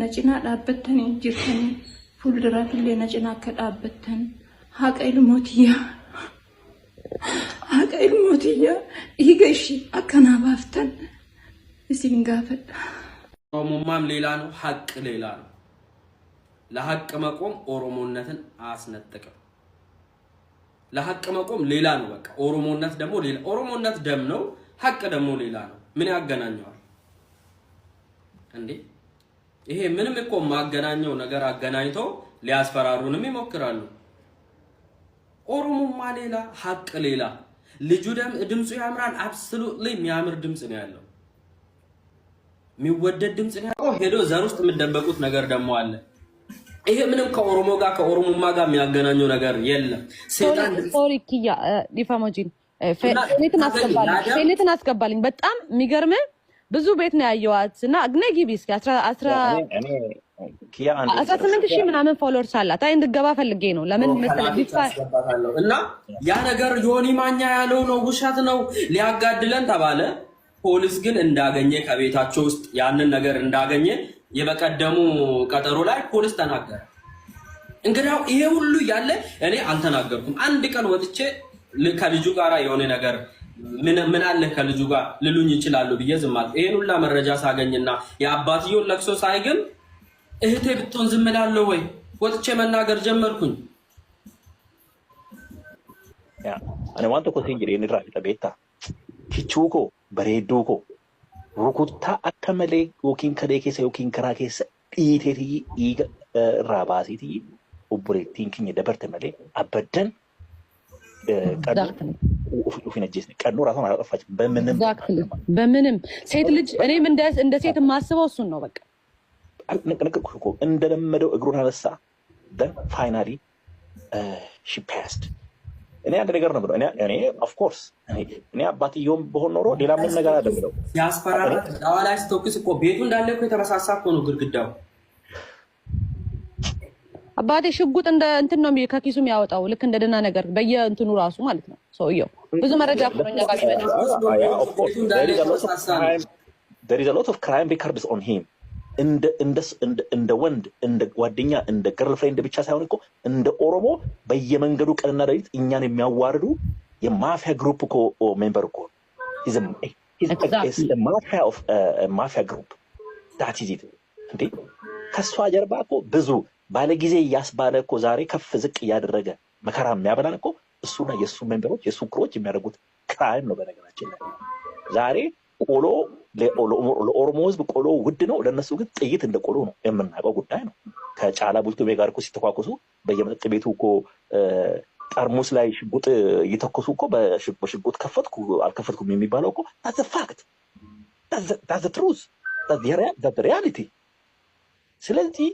ነጭና ዳበተን ጅርተን ፉልድራ ፍሌ ነጭና ከዳበተን ሀቀይል ሞትያ ሀቀይል ሞትያ ይገሺ አከናባፍተን እሲንጋፈል ኦሮሞማም ሌላ ነው፣ ሀቅ ሌላ ነው። ለሀቅ መቆም ኦሮሞነትን አያስነጥቅም። ለሀቅ መቆም ሌላ ነው። በቃ ኦሮሞነት ደግሞ ሌላ ኦሮሞነት ደም ነው፣ ሀቅ ደግሞ ሌላ ነው። ምን ያገናኘዋል እንዴ? ይሄ ምንም እኮ ማገናኘው ነገር አገናኝቶ ሊያስፈራሩንም ይሞክራሉ። ኦሮሞማ ሌላ ሀቅ ሌላ። ልጁ ደም ድምፁ ያምራል። አብሶሉትሊ የሚያምር ድምፅ ነው ያለው፣ የሚወደድ ድምፅ ነው ያለው። ሄዶ ዘር ውስጥ የምደበቁት ነገር ደግሞ አለ። ይሄ ምንም ከኦሮሞ ጋር ከኦሮሞማ ጋር የሚያገናኘው ነገር የለም። ሴጣን ሶሪ ኪያ ዲፋሞጂን ፌሌትን አስገባልኝ። በጣም የሚገርምህ ብዙ ቤት ነው ያየዋት እና ነጊቢ እስኪ አስራ ስምንት ሺህ ምናምን ፎሎወርስ አላት። አይ እንድገባ ፈልጌ ነው። ለምን እና ያ ነገር ዮኒ ማኛ ያለው ነው ውሸት ነው ሊያጋድለን ተባለ። ፖሊስ ግን እንዳገኘ ከቤታቸው ውስጥ ያንን ነገር እንዳገኘ የበቀደሙ ቀጠሮ ላይ ፖሊስ ተናገረ። እንግዲያው ይሄ ሁሉ እያለ እኔ አልተናገርኩም። አንድ ቀን ወጥቼ ከልጁ ጋራ የሆነ ነገር ምን አለ ከልጁ ጋር ልሉኝ ይችላሉ ብዬ ዝም አልኩ። መረጃ ሳገኝና የአባትየውን ለቅሶ ሳይግን ግን እህቴ ብትሆን ዝም ወይ? ወጥቼ መናገር ጀመርኩኝ። አነ ዋንቶ ኮ ሲንጅር ንራ ቤታ ኪቹ ኮ በሬዱ ኮ ሩኩታ አከ መሌ ወኪን ከደ ኬሰ ወኪን ከራ ኬሰ ኢቴቲ ኢራባሲቲ ኦቡሬቲን ኪኝ ደበርተ መሌ አበደን ቀኖ ራሷን አላጠፋችም። በምንም በምንም ሴት ልጅ እኔም እንደ ሴት የማስበው እሱን ነው። በቃ ነገርኩሽ እኮ እንደለመደው እግሩን አነሳ። ፋይናሊ ሺ ፓስድ እኔ አንድ ነገር ነው ብለው እኔ ኦፍኮርስ እኔ አባትየውም በሆን ኖሮ ሌላ ምን ነገር አለ ብለው ያስፈራራት ዳዋ ላይ ስትወቅስ እኮ ቤቱ እንዳለ እኮ የተመሳሳ እኮ ነው ግድግዳው አባቴ ሽጉጥ እንደ እንትን ነው ከኪሱ የሚያወጣው ልክ እንደ ደህና ነገር በየእንትኑ ራሱ ማለት ነው። ሰውየው ብዙ መረጃ ኮኛ ጋር ይመጣል። እንደ ወንድ እንደ ጓደኛ እንደ ገርል ፍሬንድ ብቻ ሳይሆን እኮ እንደ ኦሮሞ በየመንገዱ ቀንና ሌሊት እኛን የሚያዋርዱ የማፊያ ግሩፕ እኮ ሜምበር እኮ ማፊያ ግሩፕ ዳት ዚት እንዴ ከእሷ ጀርባ እኮ ብዙ ባለጊዜ እያስባለ እኮ ዛሬ ከፍ ዝቅ እያደረገ መከራ የሚያበላን እኮ እሱና የእሱ መንበሮች የእሱ ክሮች የሚያደርጉት ክራይም ነው። በነገራችን ላይ ዛሬ ቆሎ ለኦሮሞ ህዝብ ቆሎ ውድ ነው። ለእነሱ ግን ጥይት እንደ ቆሎ ነው የምናውቀው ጉዳይ ነው። ከጫላ ቡልቱሜ ጋር እኮ ሲተኳኩሱ በየመጠጥ ቤቱ እኮ ጠርሙስ ላይ ሽጉጥ እየተኮሱ እኮ በሽጉጥ ከፈትኩ አልከፈትኩም የሚባለው እኮ ዛዘ ፋክት ዛዘ ትሩዝ ታዘ ሪያሊቲ ስለዚህ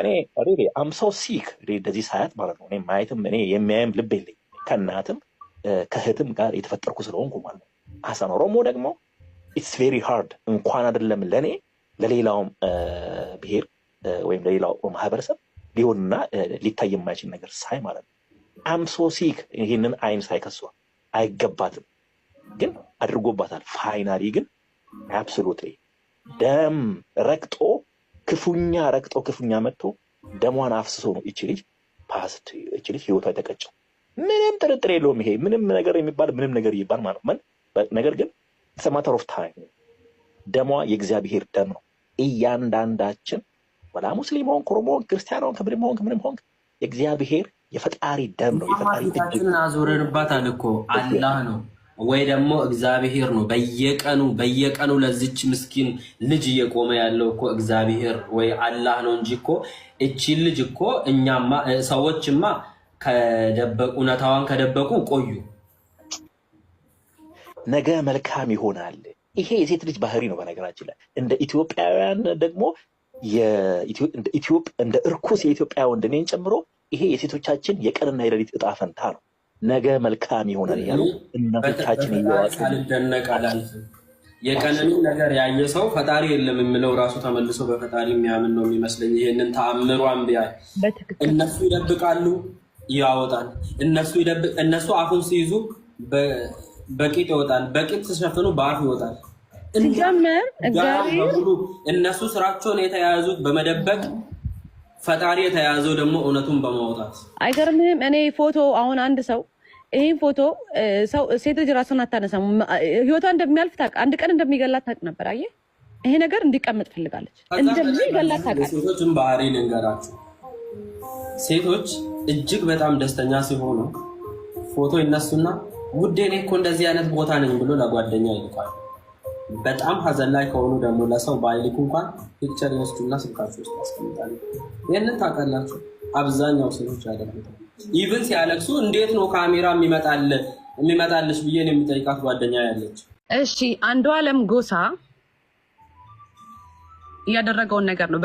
እኔ ሪሊ አምሰው ሲክ እንደዚህ ሳያት ማለት ነው። እኔ ማየትም እኔ የሚያየም ልብ የለኝ ከእናትም ከእህትም ጋር የተፈጠርኩ ስለሆንኩ ማለት ነው። አሰን ኦሮሞ ደግሞ ኢትስ ቬሪ ሃርድ እንኳን አይደለም ለእኔ ለሌላውም ብሄር ወይም ለሌላው ማህበረሰብ ሊሆንና ሊታይ የማይችል ነገር ሳይ ማለት ነው። አምሶ ሲክ ይህንን አይን ሳይ ከሷ አይገባትም፣ ግን አድርጎባታል። ፋይናሊ ግን አብሶሉትሊ ደም ረግጦ ክፉኛ ረግጦ ክፉኛ መጥቶ ደሟን አፍስሶ ነው እች ልጅ ፓስድ እች ልጅ ህይወቷ የተቀጨው። ምንም ጥርጥር የለውም። ይሄ ምንም ነገር የሚባል ምንም ነገር ይባል ማለት ነው። ነገር ግን ሰማተር ኦፍ ታይም ደሟ የእግዚአብሔር ደም ነው። እያንዳንዳችን ወላ ሙስሊም ሆንክ፣ ኦሮሞ ሆንክ፣ ክርስቲያን ሆንክ፣ ምንም ሆንክ፣ ምንም ሆንክ የእግዚአብሔር የፈጣሪ ደም ነው። የፈጣሪ አዙረንባታል እኮ አላህ ነው ወይ ደግሞ እግዚአብሔር ነው በየቀኑ በየቀኑ ለዚች ምስኪን ልጅ እየቆመ ያለው እኮ እግዚአብሔር ወይ አላህ ነው እንጂ እኮ እቺ ልጅ እኮ እኛማ ሰዎችማ እውነታዋን ከደበቁ ቆዩ። ነገ መልካም ይሆናል። ይሄ የሴት ልጅ ባህሪ ነው። በነገራችን ላይ እንደ ኢትዮጵያውያን ደግሞ እንደ እርኩስ የኢትዮጵያ ወንድ እኔን ጨምሮ ይሄ የሴቶቻችን የቀንና የሌሊት እጣ ፈንታ ነው። ነገ መልካም ይሆናል እያሉ እናቶቻችን እየዋጡ ነገር ያየ ሰው ፈጣሪ የለም የምለው ራሱ ተመልሶ በፈጣሪ የሚያምን ነው የሚመስለኝ። ይሄንን ተአምሯን ቢያይ እነሱ ይደብቃሉ፣ ያወጣል። እነሱ እነሱ አፉን ሲይዙ በቂጥ ይወጣል፣ በቂጥ ሲሸፍኑ በአፍ ይወጣል። ሲጀምር እነሱ ስራቸውን የተያያዙት በመደበቅ ፈጣሪ የተያዘው ደግሞ እውነቱን በማውጣት አይገርምህም? እኔ ፎቶ አሁን አንድ ሰው ይህን ፎቶ ሰው ሴት ልጅ ራሱን አታነሳም፣ ህይወቷ እንደሚያልፍ ታውቅ፣ አንድ ቀን እንደሚገላት ታውቅ ነበር። አየህ፣ ይሄ ነገር እንዲቀመጥ ፈልጋለች፣ እንደሚገላት ታውቃለች። ሴቶችን ባህሪ ልንገራችሁ። ሴቶች እጅግ በጣም ደስተኛ ሲሆኑ ፎቶ ይነሱና ውዴ፣ እኔ እኮ እንደዚህ አይነት ቦታ ነኝ ብሎ ለጓደኛ ይልቋል። በጣም ሀዘን ላይ ከሆኑ ደግሞ ለሰው ባይልኩ እንኳን ፒክቸር ይወስዱና ስልካቸው ውስጥ ያስቀምጣሉ። ይህንን ታውቃላችሁ፣ አብዛኛው ሰዎች ያደርጉታል። ኢቭን ሲያለቅሱ እንዴት ነው ካሜራ የሚመጣልሽ ብዬ የሚጠይቃት ጓደኛ ያለች። እሺ አንዱ አለም ጎሳ ያደረገውን ነገር ነው።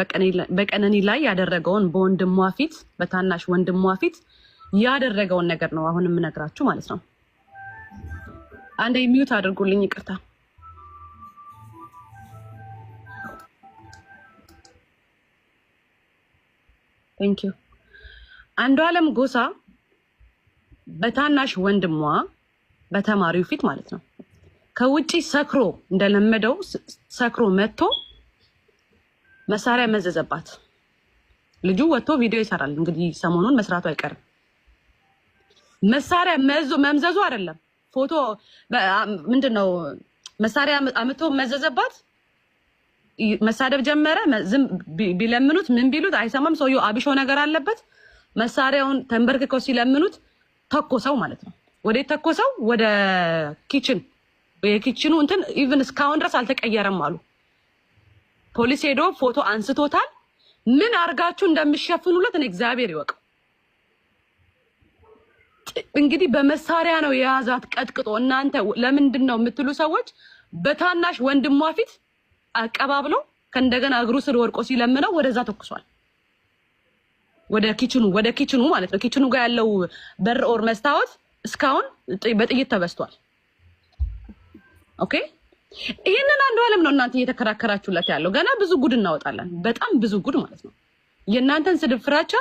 በቀነኒ ላይ ያደረገውን በወንድሟ ፊት በታናሽ ወንድሟ ፊት ያደረገውን ነገር ነው አሁን የምነግራችሁ ማለት ነው። አንዴ ሚዩት አድርጉልኝ፣ ይቅርታ። ቴንክ ዩ። አንዱ አለም ጎሳ በታናሽ ወንድሟ በተማሪው ፊት ማለት ነው ከውጭ ሰክሮ እንደለመደው ሰክሮ መጥቶ መሳሪያ መዘዘባት። ልጁ ወጥቶ ቪዲዮ ይሰራል። እንግዲህ ሰሞኑን መስራቱ አይቀርም። መሳሪያ መምዘዙ አይደለም ፎቶ ምንድን ነው መሳሪያ አምቶ መዘዘባት። መሳደብ ጀመረ። ዝም ቢለምኑት ምን ቢሉት አይሰማም። ሰውየው አብሾ ነገር አለበት። መሳሪያውን ተንበርክከው ሲለምኑት ተኮሰው ማለት ነው። ወደ ተኮሰው ወደ ኪችን የኪችኑ እንትን ኢቭን እስካሁን ድረስ አልተቀየረም አሉ። ፖሊስ ሄዶ ፎቶ አንስቶታል። ምን አርጋችሁ እንደምሸፍኑለት እኔ እግዚአብሔር ይወቅ። እንግዲህ በመሳሪያ ነው የያዛት ቀጥቅጦ። እናንተ ለምንድን ነው የምትሉ ሰዎች በታናሽ ወንድሟ ፊት አቀባብሎ ከእንደገና እግሩ ስር ወድቆ ሲለምነው ወደዛ ተኩሷል። ወደ ኪችኑ ወደ ኪችኑ ማለት ነው። ኪችኑ ጋር ያለው በር ኦር መስታወት እስካሁን በጥይት ተበስቷል። ኦኬ ይህንን አንዱ አለም ነው እናንተ እየተከራከራችሁለት ያለው። ገና ብዙ ጉድ እናወጣለን፣ በጣም ብዙ ጉድ ማለት ነው። የእናንተን ስድብ ፍራቻ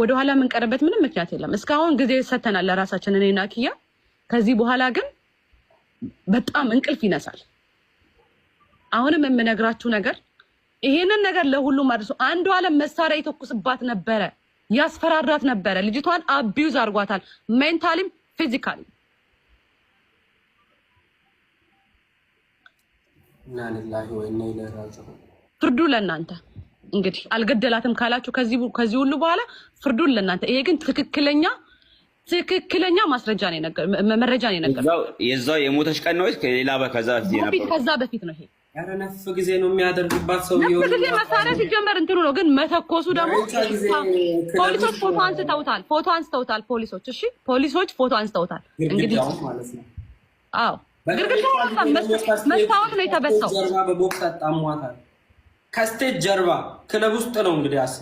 ወደኋላ የምንቀርበት ምንም ምክንያት የለም። እስካሁን ጊዜ ሰተናል ለራሳችን እኔና ኪያ። ከዚህ በኋላ ግን በጣም እንቅልፍ ይነሳል። አሁንም የምነግራችሁ ነገር ይሄንን ነገር ለሁሉም አድርሶ አንዱ አለም መሳሪያ የተኩስባት ነበረ፣ ያስፈራራት ነበረ። ልጅቷን አቢዩዝ አድርጓታል፣ ሜንታሊም ፊዚካል። ፍርዱ ለእናንተ እንግዲህ። አልገደላትም ካላችሁ ከዚህ ሁሉ በኋላ ፍርዱን ለእናንተ። ይሄ ግን ትክክለኛ ትክክለኛ ማስረጃ ነው፣ መረጃ ነው የነገር የዛው የሞተች ቀን ነው ከዛ በፊት ነው ይሄ ኧረ ነፍ ጊዜ ነው የሚያደርግባት ሰው ነፍ ጊዜ መሳሪያ ሲጀመር እንትኑ ነው። ግን መተኮሱ ደግሞ ፖሊሶች ፎቶ አንስተውታል፣ ፎቶ አንስተውታል ፖሊሶች። እሺ ፖሊሶች ፎቶ አንስተውታል። እንግዲህ አዎ፣ መስታወት ነው የተበሳው። ጀርባ በቦክስ አጣሟታል። ከስቴት ጀርባ ክለብ ውስጥ ነው እንግዲህ አስ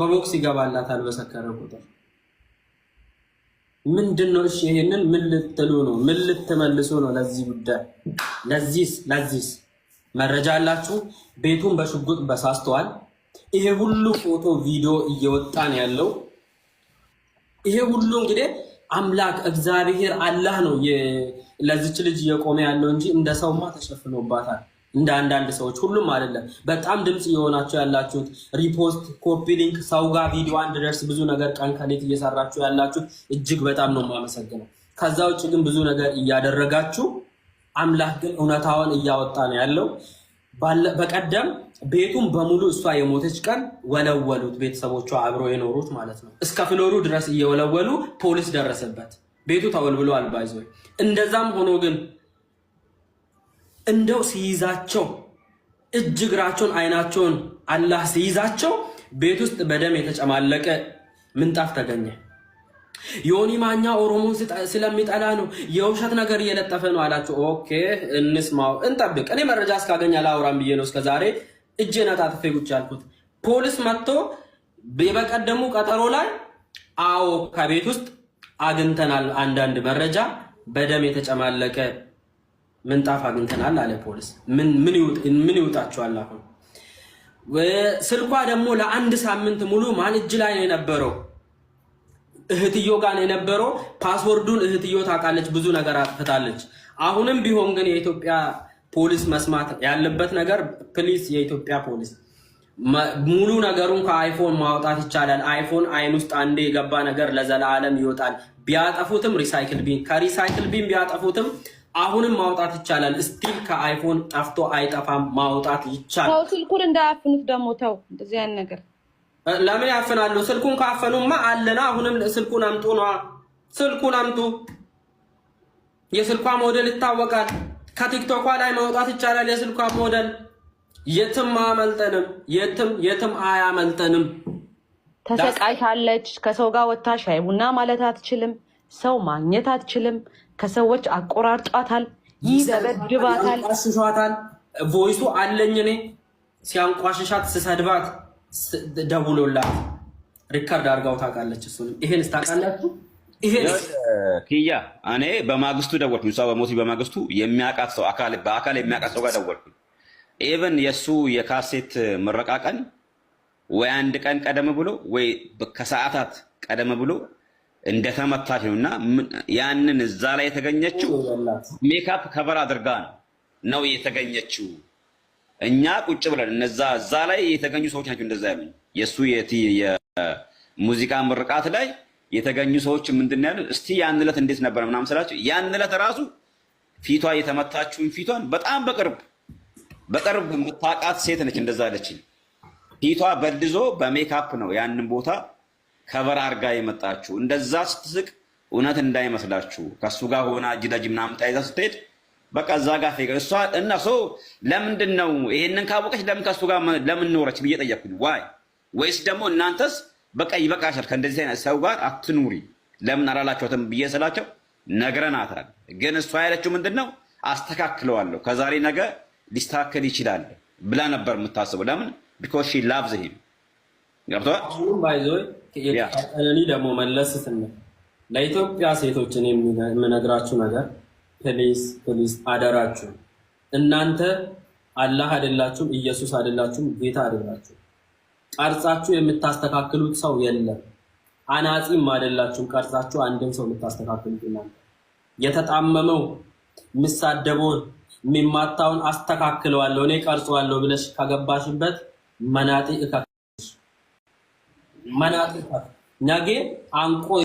በቦክስ ይገባላታል በሰከረ ቁጥር ምንድን ነው? እሺ ይሄንን ምን ልትሉ ነው? ምን ልትመልሱ ነው? ለዚህ ጉዳይ ለዚህስ ለዚህስ መረጃ አላችሁ? ቤቱን በሽጉጥ በሳስተዋል። ይሄ ሁሉ ፎቶ ቪዲዮ እየወጣ ነው ያለው። ይሄ ሁሉ እንግዲህ አምላክ እግዚአብሔር አላህ ነው ለዚች ልጅ እየቆመ ያለው እንጂ እንደ ሰውማ ተሸፍኖባታል። እንደ አንዳንድ ሰዎች ሁሉም አይደለም። በጣም ድምፅ እየሆናችሁ ያላችሁት ሪፖስት፣ ኮፒ ሊንክ፣ ሰው ጋር ቪዲዮ አንድ ደርስ ብዙ ነገር ቀን ከሌት እየሰራችሁ ያላችሁት እጅግ በጣም ነው የማመሰግነው። ከዛ ውጭ ግን ብዙ ነገር እያደረጋችሁ አምላክ ግን እውነታውን እያወጣ ነው ያለው። በቀደም ቤቱን በሙሉ እሷ የሞተች ቀን ወለወሉት፣ ቤተሰቦቿ አብሮ የኖሩት ማለት ነው። እስከ ፍሎሩ ድረስ እየወለወሉ ፖሊስ ደረሰበት። ቤቱ ተወልብሎ አልባይዞ እንደዛም ሆኖ ግን እንደው ሲይዛቸው እጅ እግራቸውን አይናቸውን አላህ ሲይዛቸው ቤት ውስጥ በደም የተጨማለቀ ምንጣፍ ተገኘ። ዮኒ ማኛ ኦሮሞን ስለሚጠላ ነው፣ የውሸት ነገር እየለጠፈ ነው አላቸው። ኦኬ እንስማው፣ እንጠብቅ። እኔ መረጃ እስካገኝ አላውራም ብዬ ነው እስከዛሬ እጄን አጣጥፌ ቁጭ ያልኩት። ፖሊስ መጥቶ የበቀደሙ ቀጠሮ ላይ አዎ ከቤት ውስጥ አግኝተናል አንዳንድ መረጃ በደም የተጨማለቀ ምንጣፍ አግኝተናል አለ ፖሊስ። ምን ይውጣችኋል? አሁን ስልኳ ደግሞ ለአንድ ሳምንት ሙሉ ማን እጅ ላይ ነው የነበረው? እህትዮ ጋር ነው የነበረው። ፓስወርዱን እህትዮ ታውቃለች፣ ብዙ ነገር አጥፍታለች። አሁንም ቢሆን ግን የኢትዮጵያ ፖሊስ መስማት ያለበት ነገር ፕሊስ፣ የኢትዮጵያ ፖሊስ ሙሉ ነገሩን ከአይፎን ማውጣት ይቻላል። አይፎን አይን ውስጥ አንዴ የገባ ነገር ለዘላለም ይወጣል። ቢያጠፉትም ሪሳይክል ቢን ከሪሳይክል ቢን ቢያጠፉትም አሁንም ማውጣት ይቻላል። ስቲል ከአይፎን ጠፍቶ አይጠፋም። ማውጣት ይቻላል። ስልኩን እንዳያፍኑት ደግሞ ተው። እንደዚህ አይነት ነገር ለምን ያፍናሉ? ስልኩን ካፈኑማ አለና አሁንም ስልኩን አምጡ ነዋ። ስልኩን አምጡ። የስልኳ ሞዴል ይታወቃል። ከቲክቶኳ ላይ ማውጣት ይቻላል። የስልኳ ሞዴል የትም አያመልጠንም። የትም የትም አያመልጠንም። ተሰቃይታለች። ከሰው ጋር ወታ ሻይ ቡና ማለት አትችልም። ሰው ማግኘት አትችልም። ከሰዎች አቆራርጧታል፣ ይደበድባታል፣ ያስሸዋታል። ቮይሱ አለኝ እኔ ሲያንቋሽሻት ስሰድባት ደውሎላት ሪከርድ አድርጋው ታውቃለች። እሱንም ይሄን ስታውቃላችሁ ክያ እኔ በማግስቱ ደወልኩ። እሷ በሞት በማግስቱ የሚያውቃት ሰው በአካል የሚያውቃት ሰው ጋር ደወልኩ። ኢቨን የእሱ የካሴት ምረቃ ቀን ወይ አንድ ቀን ቀደም ብሎ ወይ ከሰዓታት ቀደም ብሎ እንደተመታች ነው እና ያንን እዛ ላይ የተገኘችው ሜካፕ ከበር አድርጋ ነው የተገኘችው። እኛ ቁጭ ብለን እነዛ እዛ ላይ የተገኙ ሰዎች ናቸው እንደዛ ያሉኝ። የእሱ የሙዚቃ ምርቃት ላይ የተገኙ ሰዎች ምንድን ያሉ እስቲ ያን ዕለት እንዴት ነበር ምናምን ስላቸው ያን ዕለት ራሱ ፊቷ የተመታችውን ፊቷን በጣም በቅርብ በቅርብ የምታውቃት ሴት ነች እንደዛ አለችኝ። ፊቷ በልዞ በሜካፕ ነው ያንን ቦታ ከበር አርጋ የመጣችሁ እንደዛ ስትስቅ እውነት እንዳይመስላችሁ። ከእሱ ጋር ሆና እጅለጅ ምናምን ተያይዛ ስትሄድ በቃ እዛ ጋር እሷ እና ለምንድን ነው ይሄንን ካወቀች ለምን ከእሱ ጋር ለምን ኖረች ብዬ ጠየኩኝ። ዋይ ወይስ ደግሞ እናንተስ በቃ ይበቃሻል ከእንደዚህ አይነት ሰው ጋር አትኑሪ ለምን አላላቸውትም ብዬ ስላቸው ነግረናታል። ግን እሷ ያለችው ምንድን ነው አስተካክለዋለሁ ከዛሬ ነገ ሊስተካከል ይችላል ብላ ነበር የምታስበው። ለምን ቢኮዝ ሺ ላቭዝ ሂም ገብቷል። አሁን ባይዞ ደግሞ መለስ ስንል ለኢትዮጵያ ሴቶች የምነግራችሁ ነገር ፕሊስ ፕሊስ አደራችሁ፣ እናንተ አላህ አይደላችሁም፣ ኢየሱስ አይደላችሁም፣ ጌታ አይደላችሁም። ቀርጻችሁ የምታስተካክሉት ሰው የለም። አናጺም አይደላችሁም። ቀርጻችሁ አንድን ሰው የምታስተካክሉት እናንተ የተጣመመው የሚሳደበውን የሚማታውን አስተካክለዋለሁ እኔ ቀርጸዋለሁ ብለሽ ከገባሽበት መናጢ መናጥፋት ነገ አንቆ